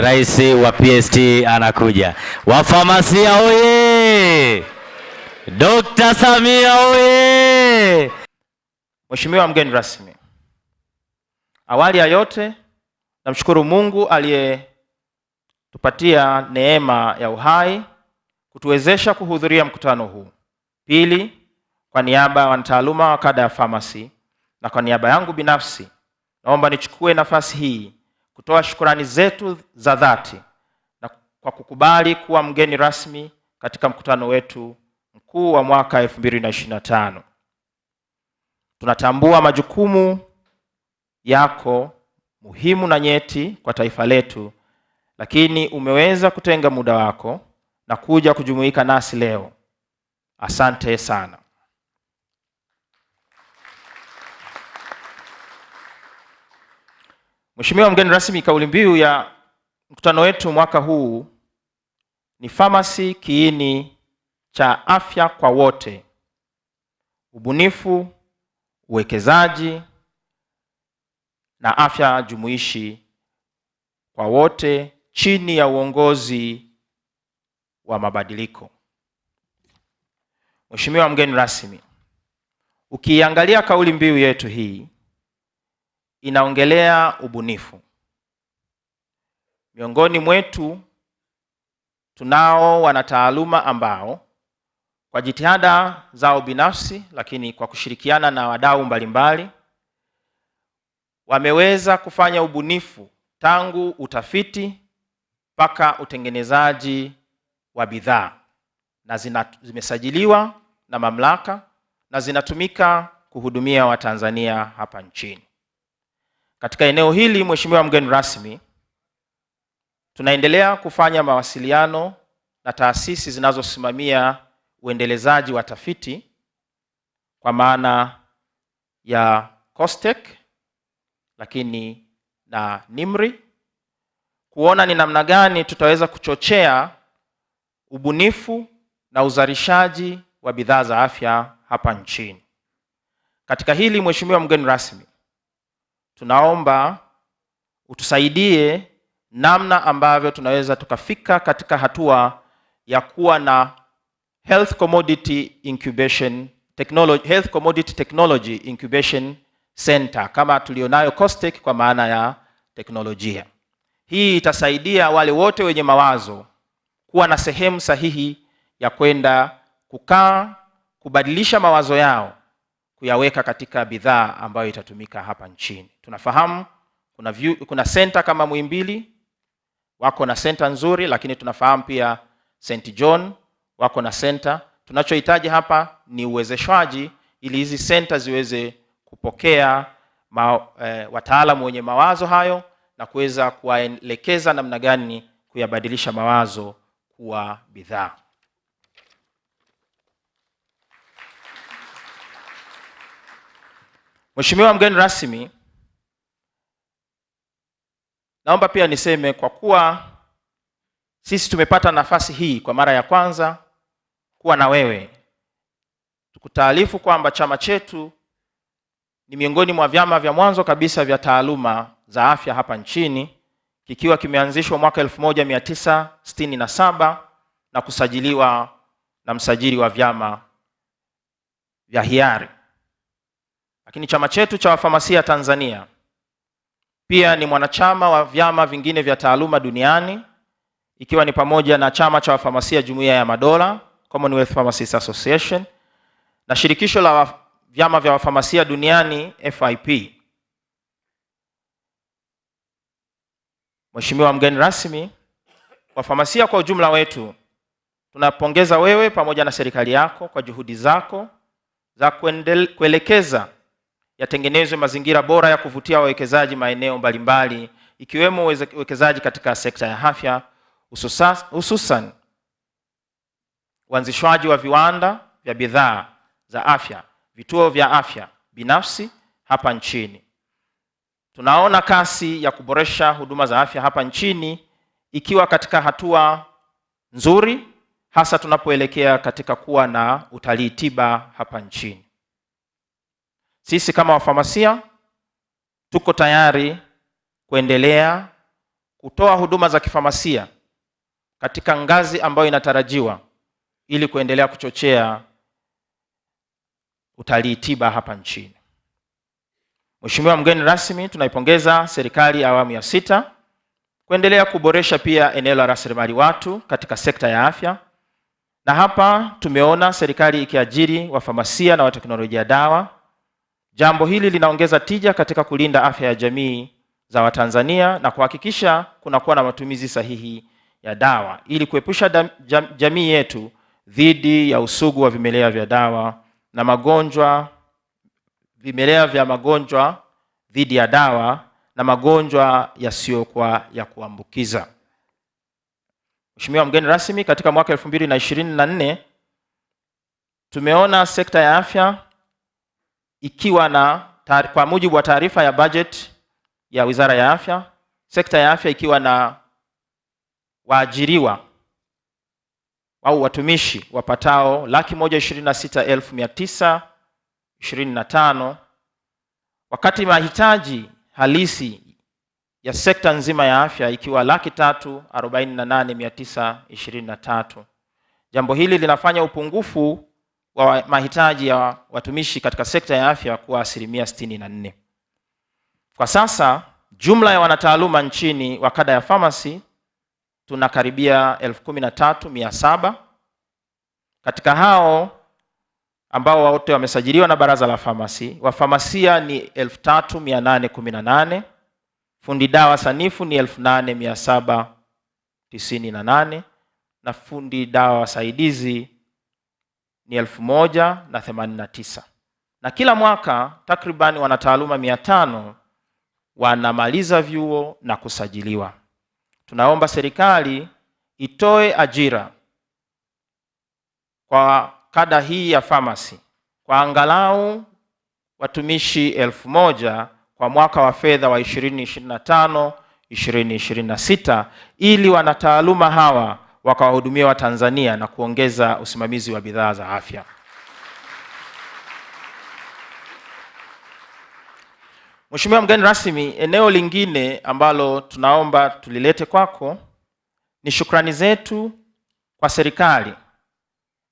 rais wa PST anakuja. Wafamasia oye! Dr. Samia oye! Mheshimiwa mgeni rasmi, awali ya yote namshukuru Mungu aliyetupatia neema ya uhai kutuwezesha kuhudhuria mkutano huu. Pili, kwa niaba ya wanataaluma wa kada ya famasi na kwa niaba yangu binafsi, naomba nichukue nafasi hii kutoa shukurani zetu za dhati na kwa kukubali kuwa mgeni rasmi katika mkutano wetu mkuu wa mwaka 2025. Tunatambua majukumu yako muhimu na nyeti kwa taifa letu, lakini umeweza kutenga muda wako na kuja kujumuika nasi leo. Asante sana. Mheshimiwa mgeni rasmi, kauli mbiu ya mkutano wetu mwaka huu ni famasi kiini cha afya kwa wote, ubunifu, uwekezaji na afya jumuishi kwa wote chini ya uongozi wa mabadiliko. Mheshimiwa mgeni rasmi, ukiangalia kauli mbiu yetu hii inaongelea ubunifu. Miongoni mwetu tunao wanataaluma ambao kwa jitihada zao binafsi, lakini kwa kushirikiana na wadau mbalimbali wameweza kufanya ubunifu tangu utafiti mpaka utengenezaji wa bidhaa na zina, zimesajiliwa na mamlaka na zinatumika kuhudumia Watanzania hapa nchini. Katika eneo hili, Mheshimiwa mgeni rasmi, tunaendelea kufanya mawasiliano na taasisi zinazosimamia uendelezaji wa tafiti kwa maana ya COSTECH lakini na NIMRI kuona ni namna gani tutaweza kuchochea ubunifu na uzalishaji wa bidhaa za afya hapa nchini. Katika hili Mheshimiwa mgeni rasmi, tunaomba utusaidie namna ambavyo tunaweza tukafika katika hatua ya kuwa na health commodity incubation technology, health commodity technology incubation center kama tulionayo COSTECH kwa maana ya teknolojia. Hii itasaidia wale wote wenye mawazo kuwa na sehemu sahihi ya kwenda kukaa kubadilisha mawazo yao kuyaweka katika bidhaa ambayo itatumika hapa nchini. Tunafahamu kuna view, kuna senta kama Muhimbili wako na senta nzuri, lakini tunafahamu pia St John wako na senta. Tunachohitaji hapa ni uwezeshwaji ili hizi senta ziweze kupokea ma, e, wataalamu wenye mawazo hayo na kuweza kuwaelekeza namna gani kuyabadilisha mawazo kuwa bidhaa. Mheshimiwa mgeni rasmi, naomba pia niseme kwa kuwa sisi tumepata nafasi hii kwa mara ya kwanza kuwa na wewe, tukutaarifu kwamba chama chetu ni miongoni mwa vyama vya mwanzo kabisa vya taaluma za afya hapa nchini kikiwa kimeanzishwa mwaka 1967 na, na kusajiliwa na msajili wa vyama vya hiari. Lakini chama chetu cha wafamasia Tanzania pia ni mwanachama wa vyama vingine vya taaluma duniani ikiwa ni pamoja na chama cha wafamasia Jumuiya ya Madola, Commonwealth Pharmacists Association, na shirikisho la vyama vya wafamasia duniani FIP. Mheshimiwa mgeni rasmi, wafamasia kwa ujumla wetu tunapongeza wewe pamoja na serikali yako kwa juhudi zako za kuendele... kuelekeza yatengenezwe mazingira bora ya kuvutia wawekezaji maeneo mbalimbali, ikiwemo uwekezaji katika sekta ya afya, hususan uanzishwaji wa viwanda vya bidhaa za afya, vituo vya afya binafsi hapa nchini. Tunaona kasi ya kuboresha huduma za afya hapa nchini ikiwa katika hatua nzuri, hasa tunapoelekea katika kuwa na utalii tiba hapa nchini. Sisi kama wafamasia tuko tayari kuendelea kutoa huduma za kifamasia katika ngazi ambayo inatarajiwa ili kuendelea kuchochea utalii tiba hapa nchini. Mheshimiwa mgeni rasmi, tunaipongeza serikali ya awamu ya sita kuendelea kuboresha pia eneo la rasilimali watu katika sekta ya afya, na hapa tumeona serikali ikiajiri wafamasia na wateknolojia dawa Jambo hili linaongeza tija katika kulinda afya ya jamii za Watanzania na kuhakikisha kunakuwa na matumizi sahihi ya dawa ili kuepusha jamii yetu dhidi ya usugu wa vimelea vya dawa na magonjwa, vimelea vya magonjwa dhidi ya dawa na magonjwa yasiyokuwa ya kuambukiza. Mheshimiwa mgeni rasmi, katika mwaka 2024 tumeona sekta ya afya ikiwa na kwa mujibu wa taarifa ya budget ya Wizara ya Afya, sekta ya afya ikiwa na waajiriwa au watumishi wapatao laki moja ishirini na sita elfu mia tisa ishirini na tano wakati mahitaji halisi ya sekta nzima ya afya ikiwa laki tatu arobaini na nane mia tisa ishirini na tatu. Jambo hili linafanya upungufu wa mahitaji ya watumishi katika sekta ya afya kuwa asilimia 64. Kwa sasa jumla ya wanataaluma nchini wa kada ya pharmacy tunakaribia 13700. Katika hao ambao wote wamesajiliwa na baraza la famasi, wafamasia ni 3818, fundi dawa sanifu ni 8798 na fundi dawa wasaidizi ni elfu moja na themanini na tisa na kila mwaka takriban wanataaluma mia tano wanamaliza vyuo na kusajiliwa. Tunaomba serikali itoe ajira kwa kada hii ya famasi kwa angalau watumishi elfu moja kwa mwaka wa fedha wa 2025 2026 ili wanataaluma hawa wakawahudumia Watanzania na kuongeza usimamizi wa bidhaa za afya. Mheshimiwa mgeni rasmi, eneo lingine ambalo tunaomba tulilete kwako ni shukrani zetu kwa serikali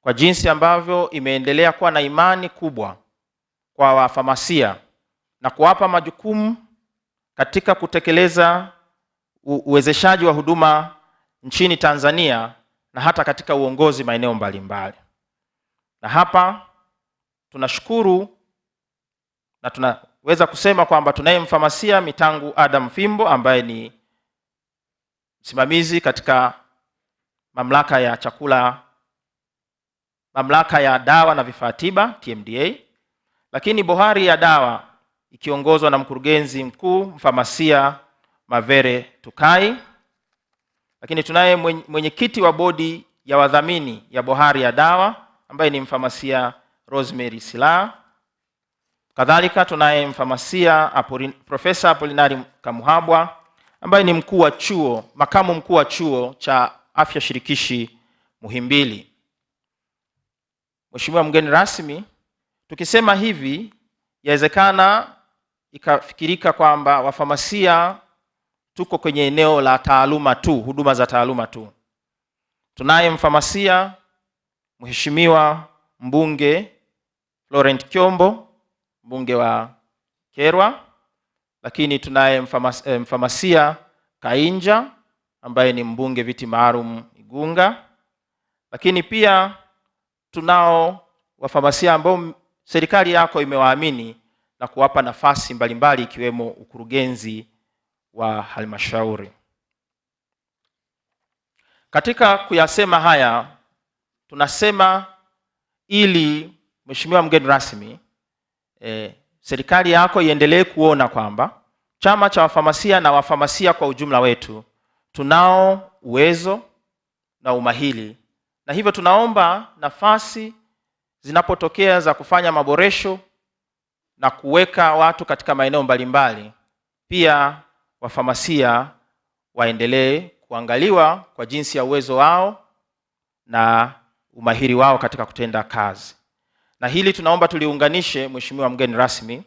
kwa jinsi ambavyo imeendelea kuwa na imani kubwa kwa wafamasia na kuwapa majukumu katika kutekeleza uwezeshaji wa huduma nchini Tanzania na hata katika uongozi maeneo mbalimbali. Na hapa tunashukuru na tunaweza kusema kwamba tunayemfamasia Mitangu Adam Fimbo ambaye ni msimamizi katika mamlaka ya chakula, mamlaka ya dawa na vifaa tiba TMDA, lakini bohari ya dawa ikiongozwa na mkurugenzi mkuu mfamasia Mavere Tukai lakini tunaye mwenyekiti wa bodi ya wadhamini ya bohari ya dawa ambaye ni mfamasia Rosemary Sila. Kadhalika tunaye mfamasia Profesa Apolinari Kamuhabwa ambaye ni mkuu wa chuo, makamu mkuu wa chuo cha afya shirikishi Muhimbili. Mheshimiwa mgeni rasmi, tukisema hivi yawezekana ikafikirika kwamba wafamasia tuko kwenye eneo la taaluma tu, huduma za taaluma tu. Tunaye mfamasia Mheshimiwa mbunge Laurent Kyombo, mbunge wa Kerwa, lakini tunaye mfamasia, eh, mfamasia Kainja ambaye ni mbunge viti maalum Igunga, lakini pia tunao wafamasia ambao serikali yako imewaamini na kuwapa nafasi mbalimbali ikiwemo ukurugenzi wa halmashauri. Katika kuyasema haya, tunasema ili mheshimiwa mgeni rasmi e, serikali yako iendelee kuona kwamba chama cha wafamasia na wafamasia kwa ujumla wetu tunao uwezo na umahili, na hivyo tunaomba nafasi zinapotokea za kufanya maboresho na kuweka watu katika maeneo mbalimbali, pia wafamasia waendelee kuangaliwa kwa jinsi ya uwezo wao na umahiri wao katika kutenda kazi. Na hili tunaomba tuliunganishe, Mheshimiwa mgeni rasmi,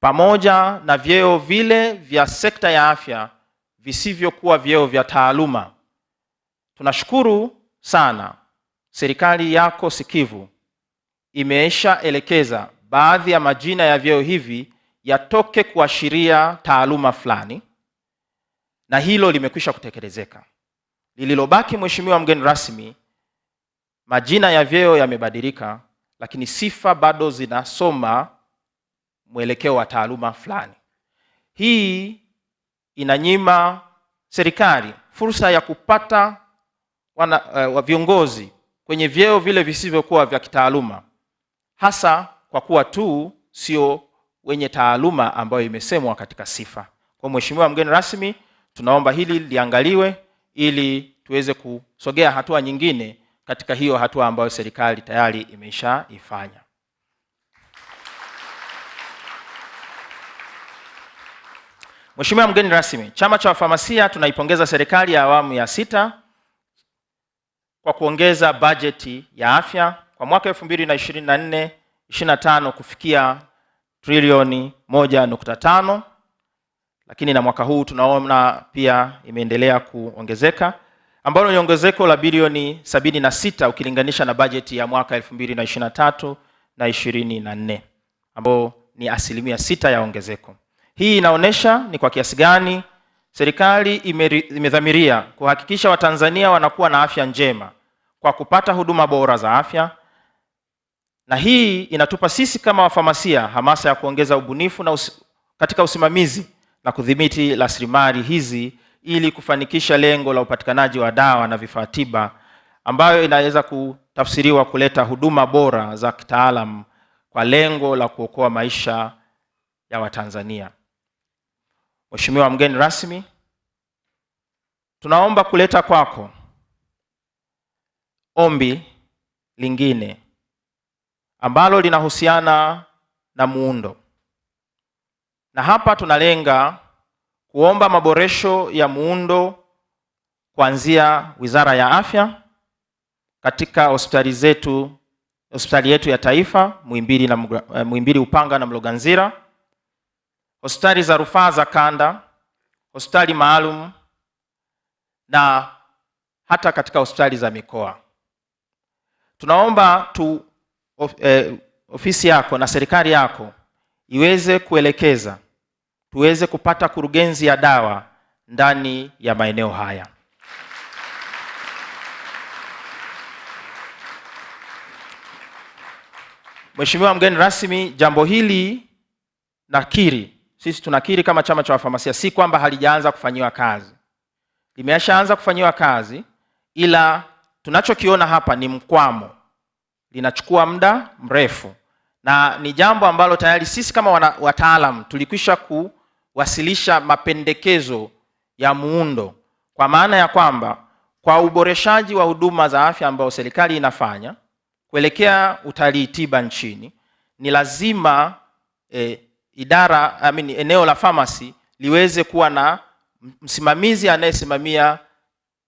pamoja na vyeo vile vya sekta ya afya visivyokuwa vyeo vya taaluma. Tunashukuru sana serikali yako sikivu imeshaelekeza baadhi ya majina ya vyeo hivi yatoke kuashiria taaluma fulani na hilo limekwisha kutekelezeka. Lililobaki, mheshimiwa mgeni rasmi, majina ya vyeo yamebadilika, lakini sifa bado zinasoma mwelekeo wa taaluma fulani. Hii inanyima serikali fursa ya kupata wana, uh, viongozi kwenye vyeo vile visivyokuwa vya kitaaluma, hasa kwa kuwa tu sio wenye taaluma ambayo imesemwa katika sifa. Kwa mheshimiwa mgeni rasmi Tunaomba hili liangaliwe ili tuweze kusogea hatua nyingine katika hiyo hatua ambayo serikali tayari imeshaifanya. Mheshimiwa mgeni rasmi, chama cha wafamasia tunaipongeza serikali ya awamu ya sita kwa kuongeza bajeti ya afya kwa mwaka 2024 25 kufikia trilioni 1.5 lakini na mwaka huu tunaona pia imeendelea kuongezeka ambalo ni ongezeko la bilioni sita ukilinganisha na bajeti ya mwaka mbili na nne ambao ni asilimia sita ya ongezeko. Hii inaonyesha ni kwa kiasi gani serikali imedhamiria kuhakikisha Watanzania wanakuwa na afya njema kwa kupata huduma bora za afya, na hii inatupa sisi kama wafamasia hamasa ya kuongeza ubunifu na us katika usimamizi na kudhibiti rasilimali hizi ili kufanikisha lengo la upatikanaji wa dawa na vifaa tiba ambayo inaweza kutafsiriwa kuleta huduma bora za kitaalamu kwa lengo la kuokoa maisha ya Watanzania. Mheshimiwa mgeni rasmi, tunaomba kuleta kwako ombi lingine ambalo linahusiana na muundo na hapa tunalenga kuomba maboresho ya muundo kuanzia Wizara ya Afya katika hospitali zetu, hospitali yetu ya taifa Muhimbili na eh, Muhimbili Upanga na Mloganzila, hospitali za rufaa za kanda, hospitali maalum na hata katika hospitali za mikoa. Tunaomba tu of, eh, ofisi yako na serikali yako iweze kuelekeza tuweze kupata kurugenzi ya dawa ndani ya maeneo haya. Mheshimiwa mgeni rasmi, jambo hili nakiri, sisi tunakiri kama chama cha wafamasia, si kwamba halijaanza kufanyiwa kazi, limeshaanza kufanyiwa kazi, ila tunachokiona hapa ni mkwamo, linachukua muda mrefu na ni jambo ambalo tayari sisi kama wataalam tulikwisha ku wasilisha mapendekezo ya muundo, kwa maana ya kwamba kwa uboreshaji wa huduma za afya ambayo serikali inafanya kuelekea utalii tiba nchini ni lazima e, idara I mean, eneo la pharmacy liweze kuwa na msimamizi anayesimamia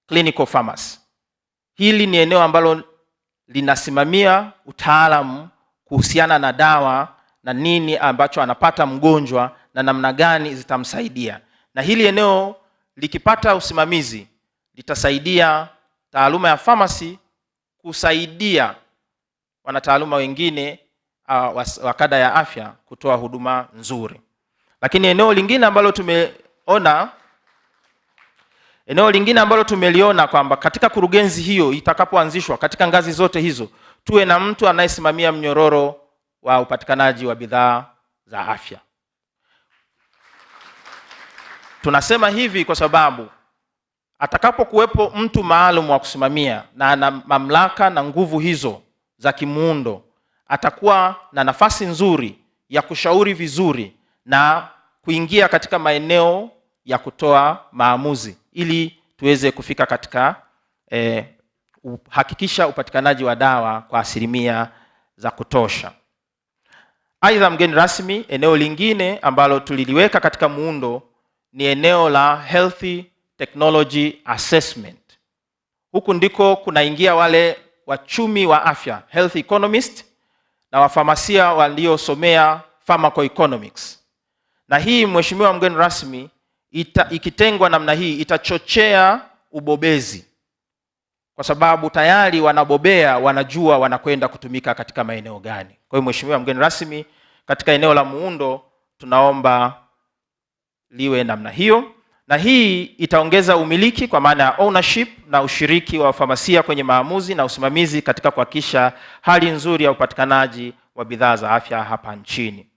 clinical pharmacy. Hili ni eneo ambalo linasimamia utaalamu kuhusiana na dawa na nini ambacho anapata mgonjwa na namna gani zitamsaidia. Na hili eneo likipata usimamizi litasaidia taaluma ya pharmacy kusaidia wanataaluma wengine uh, wa kada ya afya kutoa huduma nzuri. Lakini eneo lingine ambalo tumeona eneo lingine ambalo tumeliona kwamba katika kurugenzi hiyo itakapoanzishwa katika ngazi zote hizo, tuwe na mtu anayesimamia mnyororo wa upatikanaji wa bidhaa za afya. Tunasema hivi kwa sababu atakapokuwepo mtu maalum wa kusimamia na ana mamlaka na nguvu hizo za kimuundo, atakuwa na nafasi nzuri ya kushauri vizuri na kuingia katika maeneo ya kutoa maamuzi ili tuweze kufika katika eh, uhakikisha upatikanaji wa dawa kwa asilimia za kutosha. Aidha, mgeni rasmi, eneo lingine ambalo tuliliweka katika muundo ni eneo la Healthy Technology Assessment. Huku ndiko kunaingia wale wachumi wa afya, health economist na wafamasia waliosomea pharmacoeconomics. Na hii mheshimiwa mgeni rasmi ita, ikitengwa namna hii itachochea ubobezi, kwa sababu tayari wanabobea, wanajua wanakwenda kutumika katika maeneo gani. Kwa hiyo mheshimiwa mgeni rasmi, katika eneo la muundo tunaomba liwe namna hiyo, na hii itaongeza umiliki kwa maana ya ownership na ushiriki wa famasia kwenye maamuzi na usimamizi katika kuhakikisha hali nzuri ya upatikanaji wa bidhaa za afya hapa nchini.